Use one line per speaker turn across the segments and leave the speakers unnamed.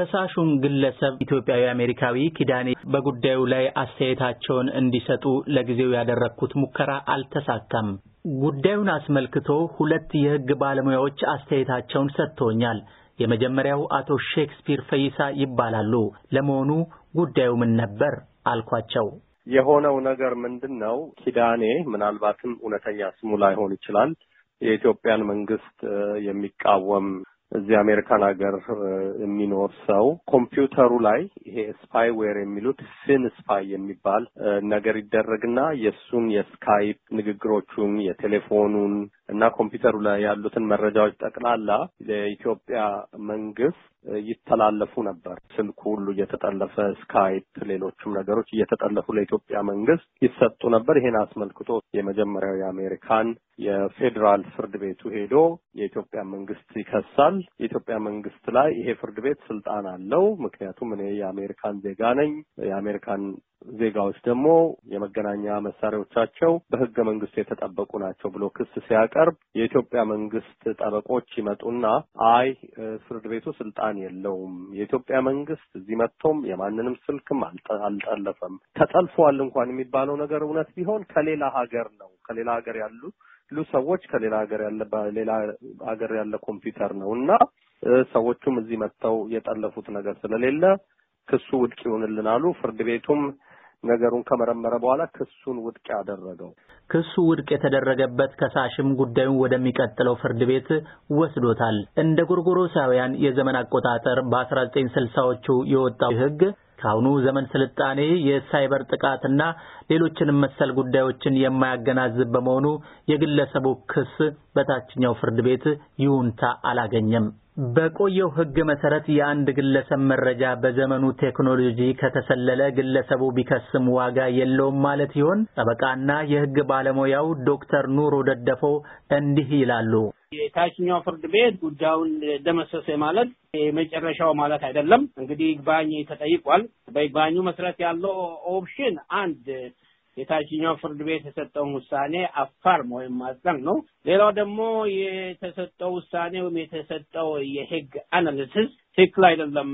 ከሳሹም ግለሰብ ኢትዮጵያዊ አሜሪካዊ ኪዳኔ በጉዳዩ ላይ አስተያየታቸውን እንዲሰጡ ለጊዜው ያደረግኩት ሙከራ አልተሳካም። ጉዳዩን አስመልክቶ ሁለት የሕግ ባለሙያዎች አስተያየታቸውን ሰጥቶኛል። የመጀመሪያው አቶ ሼክስፒር ፈይሳ ይባላሉ። ለመሆኑ ጉዳዩ ምን ነበር አልኳቸው።
የሆነው ነገር ምንድን ነው? ኪዳኔ ምናልባትም እውነተኛ ስሙ ላይሆን ይችላል የኢትዮጵያን መንግስት የሚቃወም እዚህ አሜሪካን ሀገር የሚኖር ሰው ኮምፒውተሩ ላይ ይሄ ስፓይዌር የሚሉት ፊን ስፓይ የሚባል ነገር ይደረግና የእሱን የስካይፕ ንግግሮቹን የቴሌፎኑን እና ኮምፒውተሩ ላይ ያሉትን መረጃዎች ጠቅላላ ለኢትዮጵያ መንግስት ይተላለፉ ነበር። ስልኩ ሁሉ እየተጠለፈ ስካይፕ፣ ሌሎችም ነገሮች እየተጠለፉ ለኢትዮጵያ መንግስት ይሰጡ ነበር። ይሄን አስመልክቶ የመጀመሪያው የአሜሪካን የፌዴራል ፍርድ ቤቱ ሄዶ የኢትዮጵያ መንግስት ይከሳል። የኢትዮጵያ መንግስት ላይ ይሄ ፍርድ ቤት ስልጣን አለው። ምክንያቱም እኔ የአሜሪካን ዜጋ ነኝ፣ የአሜሪካን ዜጋዎች ደግሞ የመገናኛ መሳሪያዎቻቸው በህገ መንግስቱ የተጠበቁ ናቸው ብሎ ክስ ሲያቀርብ የኢትዮጵያ መንግስት ጠበቆች ይመጡና አይ ፍርድ ቤቱ ስልጣን የለውም፣ የኢትዮጵያ መንግስት እዚህ መጥቶም የማንንም ስልክም አልጠለፈም፣ ተጠልፏል እንኳን የሚባለው ነገር እውነት ቢሆን ከሌላ ሀገር ነው ከሌላ ሀገር ያሉ ሉ ሰዎች ከሌላ ሀገር ያለ ሌላ ሀገር ያለ ኮምፒውተር ነው እና ሰዎቹም እዚህ መጥተው የጠለፉት ነገር ስለሌለ ክሱ ውድቅ ይሆንልን አሉ። ፍርድ ቤቱም ነገሩን ከመረመረ በኋላ ክሱን ውድቅ ያደረገው።
ክሱ ውድቅ የተደረገበት ከሳሽም ጉዳዩን ወደሚቀጥለው ፍርድ ቤት ወስዶታል። እንደ ጎርጎሮሳውያን የዘመን አቆጣጠር በ1960ዎቹ የወጣው ሕግ ከአሁኑ ዘመን ስልጣኔ የሳይበር ጥቃትና ሌሎችንም መሰል ጉዳዮችን የማያገናዝብ በመሆኑ የግለሰቡ ክስ በታችኛው ፍርድ ቤት ይሁንታ አላገኘም። በቆየው ሕግ መሰረት የአንድ ግለሰብ መረጃ በዘመኑ ቴክኖሎጂ ከተሰለለ ግለሰቡ ቢከስም ዋጋ የለውም ማለት ይሆን? ጠበቃና የሕግ ባለሙያው ዶክተር ኑሮ ደደፎ እንዲህ ይላሉ።
የታችኛው ፍርድ ቤት ጉዳዩን ደመሰሰ ማለት የመጨረሻው ማለት አይደለም። እንግዲህ ይግባኝ ተጠይቋል። በይግባኙ መሰረት ያለው ኦፕሽን አንድ የታችኛው ፍርድ ቤት የሰጠውን ውሳኔ አፋርም ወይም ማጽደቅ ነው። ሌላው ደግሞ የተሰጠው ውሳኔ ወይም የተሰጠው የህግ አናሊሲስ ትክክል አይደለም።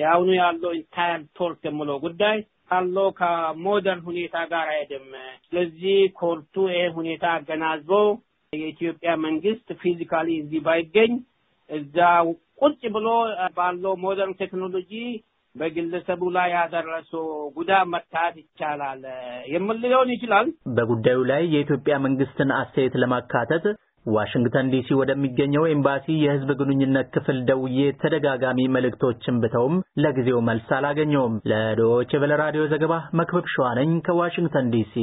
የአሁኑ ያለው ኢንታየር ቶርክ የምለው ጉዳይ ካለው ከሞደርን ሁኔታ ጋር አይሄድም። ስለዚህ ኮርቱ ይህ ሁኔታ አገናዝበው የኢትዮጵያ መንግስት ፊዚካሊ እዚህ ባይገኝ እዛ ቁጭ ብሎ ባለው ሞደርን ቴክኖሎጂ በግለሰቡ ላይ ያደረሰው ጉዳት መታት ይቻላል የሚል ሊሆን ይችላል።
በጉዳዩ ላይ የኢትዮጵያ መንግስትን አስተያየት ለማካተት ዋሽንግተን ዲሲ ወደሚገኘው ኤምባሲ የህዝብ ግንኙነት ክፍል ደውዬ ተደጋጋሚ መልእክቶችን ብተውም ለጊዜው መልስ አላገኘውም። ለዶይቼ ቬለ ራዲዮ ዘገባ መክበብ ሸዋነኝ ከዋሽንግተን ዲሲ